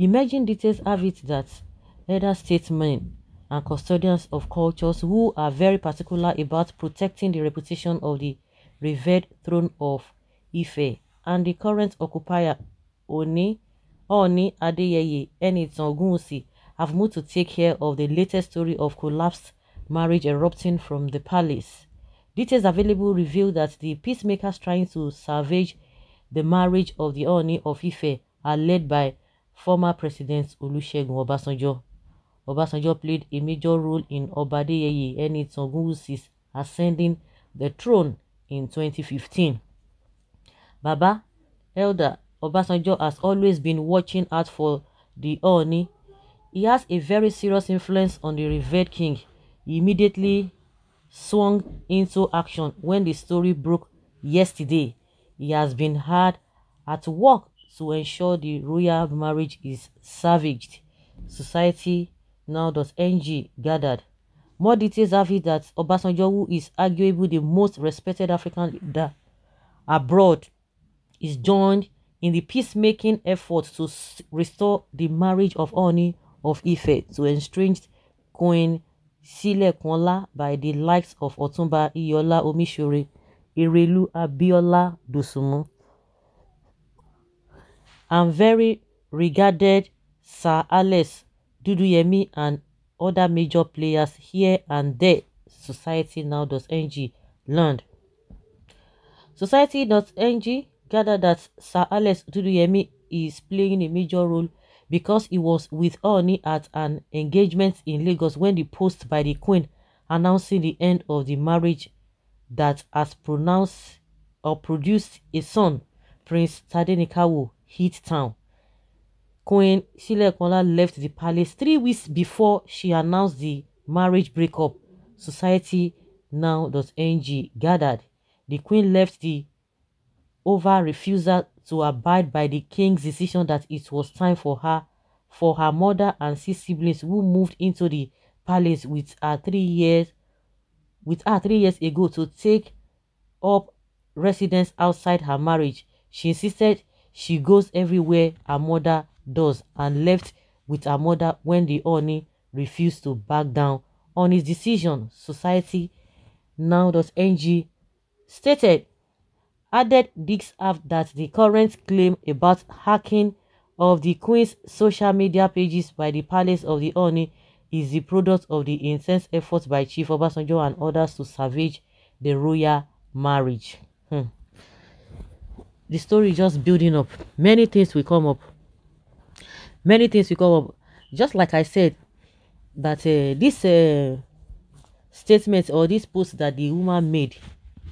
Emerging details have it that elder statesmen and custodians of cultures who are very particular about protecting the reputation of the revered throne of Ife and the current occupier Oni, Oni Adeyeye Enitan Ogunwusi have moved to take care of the latest story of collapsed marriage erupting from the palace. Details available reveal that the peacemakers trying to salvage the marriage of the Oni of Ife are led by Former President Olusegun Obasanjo. Obasanjo played a major role in Obadeyeye Enitan Ogunwusi's ascending the throne in 2015. Baba, Elder Obasanjo has always been watching out for the Ooni. He has a very serious influence on the revered king. He immediately swung into action when the story broke yesterday. He has been hard at work to ensure the royal marriage is salvaged. Society now does NG gathered. More details have it that Obasanjo, who is arguably the most respected African leader abroad, is joined in the peacemaking effort to restore the marriage of Oni of Ife to estranged Queen Silekunla by the likes of Otumba Iyola Omishore, Erelu Abiola Dosumu. and very regarded Sir Alex Duduyemi and other major players here and there Society now does ng learned. Society does ng gathered that Sir Alex Duduyemi is playing a major role because he was with Oni at an engagement in Lagos when the post by the Queen announcing the end of the marriage that has pronounced or produced a son, Prince Tadenikawo, hit town. Queen Shilekola left the palace three weeks before she announced the marriage breakup. Society Now.ng gathered. The Queen left the over refusal to abide by the king's decision that it was time for her for her mother and six siblings who moved into the palace with her three years with her three years ago to take up residence outside her marriage. She insisted she goes everywhere her mother does and left with her mother when the Oni refused to back down on his decision, society now does NG stated. Added digs up that the current claim about hacking of the Queen's social media pages by the Palace of the Oni is the product of the intense efforts by Chief Obasanjo and others to savage the royal marriage. Hmm the story just building up many things will come up many things will come up just like i said that uh, this uh, statement or this post that the woman made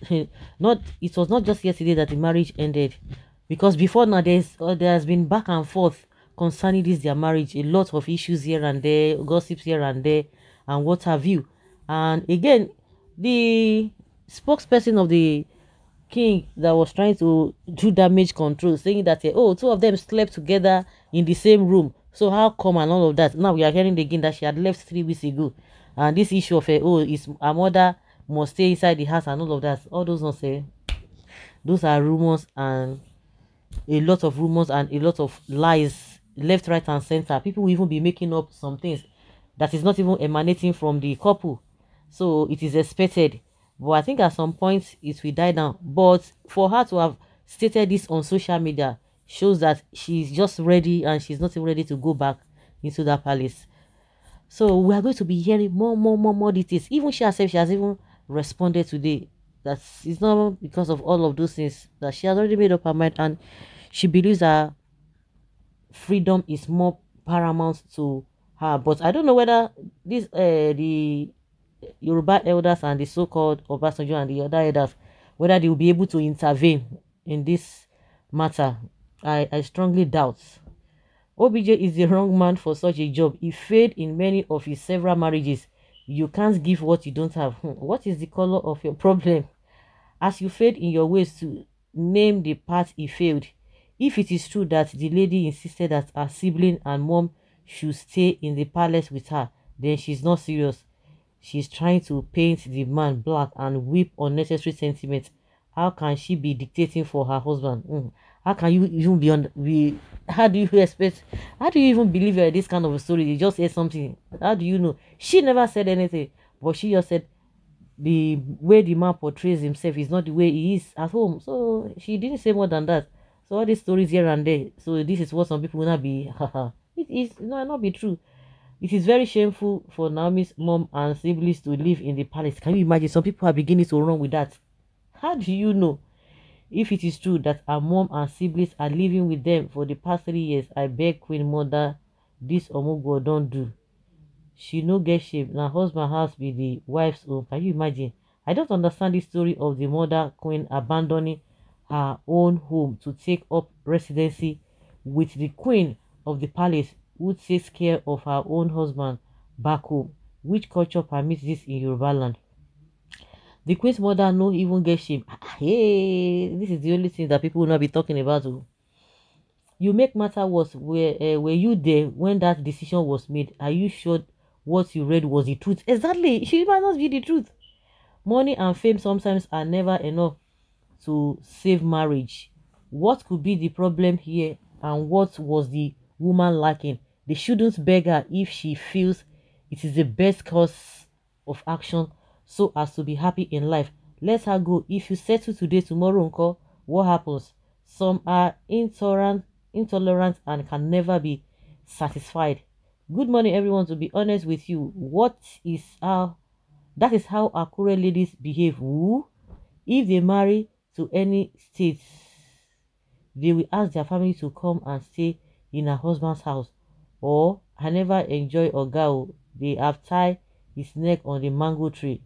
not it was not just yesterday that the marriage ended because before now there's uh, there has been back and forth concerning this their marriage a lot of issues here and there gossips here and there and what have you and again the spokesperson of the king that was trying to do damage control, saying that, eh, oh, two of them slept together in the same room. So how come and all of that? Now we are hearing again that she had left three weeks ago. And this issue of, her, eh, oh, is her mother must stay inside the house and all of that. All those not say. Eh? Those are rumors and a lot of rumors and a lot of lies left, right, and center. People will even be making up some things that is not even emanating from the couple. So it is expected but I think at some point it will die down. But for her to have stated this on social media shows that she's just ready and she's not ready to go back into that palace. So we are going to be hearing more, more, more, more details. Even she herself, she has even responded today that it's not because of all of those things that she has already made up her mind and she believes her freedom is more paramount to her. But I don't know whether this uh, the Yoruba elders and the so-called Obasanjo and the other elders, whether they will be able to intervene in this matter. I, I strongly doubt. OBJ is the wrong man for such a job. He failed in many of his several marriages. You can't give what you don't have. Hmm, what is the color of your problem? As you failed in your ways to name the part he failed, if it is true that the lady insisted that her sibling and mom should stay in the palace with her, then she's not serious. She's trying to paint the man black and whip unnecessary sentiments. How can she be dictating for her husband? Mm. How can you even be on We how do you expect how do you even believe you this kind of a story? You just said something. How do you know? She never said anything, but she just said the way the man portrays himself is not the way he is at home. So she didn't say more than that. So all these stories here and there. So this is what some people will not be. it is no, not be true. It is very shameful for Naomi's mom and siblings to live in the palace. Can you imagine? Some people are beginning to run with that. How do you know? If it is true that her mom and siblings are living with them for the past three years, I beg Queen Mother, this Omugo don't do. She no get shame. Na husband has be the wife's own. Can you imagine? I don't understand the story of the mother queen abandoning her own home to take up residency with the queen of the palace who takes care of her own husband back home. Which culture permits this in Yoruba land? The queen's mother no even get shame. Ah, ah, hey, this is the only thing that people will not be talking about. Oh. You make matter worse. Were, uh, eh, were you there when that decision was made? Are you sure what you read was the truth? Exactly. She might not be the truth. Money and fame sometimes are never enough to save marriage. What could be the problem here and what was the woman lacking? They shouldn't beg her if she feels it is the best course of action so as to be happy in life. Let her go. If you settle today, tomorrow, uncle, what happens? Some are intolerant, intolerant and can never be satisfied. Good morning, everyone. To be honest with you, what is our that is how our current ladies behave. Ooh, if they marry to any state, they will ask their family to come and stay in her husband's house. Or, I never enjoy Ogao, they have tied his neck on the mango tree.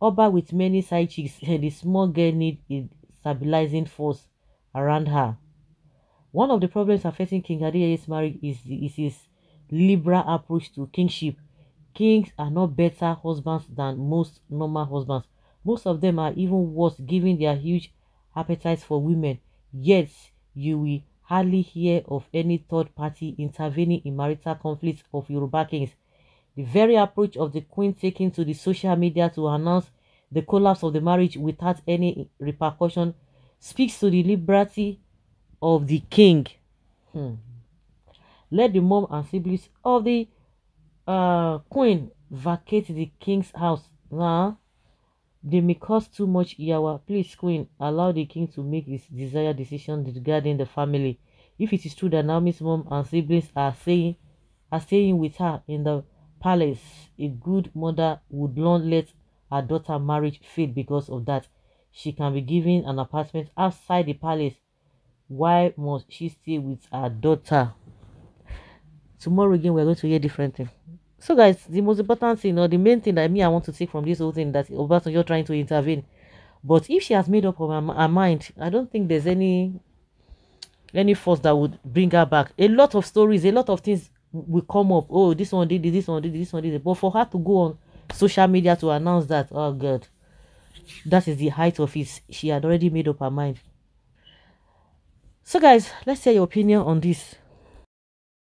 Oba with many side chicks and the small girl need a stabilizing force around her. One of the problems affecting King Adeye's marriage is, is his liberal approach to kingship. Kings are not better husbands than most normal husbands. Most of them are even worse given their huge appetites for women. Yet, you will hardly hear of any third party intervening in marital conflicts of Yoruba kings. The very approach of the queen taking to the social media to announce the collapse of the marriage without any repercussion speaks to the liberty of the king. Hmm. Let the mom and siblings of the uh, queen vacate the king's house. Nah. They may cause too much yawa. Please, Queen, allow the king to make his desired decision regarding the family. If it is true that Naomi's mom and siblings are saying are staying with her in the palace, a good mother would not let her daughter marriage fail because of that. She can be given an apartment outside the palace. Why must she stay with her daughter? Tomorrow again, we're going to hear different thing. So guys, the most important thing or the main thing that me I want to take from this whole thing that Obasanjo trying to intervene. But if she has made up her, her mind, I don't think there's any any force that would bring her back. A lot of stories, a lot of things will come up. Oh, this one did this, this one did this, one did it. But for her to go on social media to announce that, oh God, that is the height of it. She had already made up her mind. So guys, let's hear your opinion on this.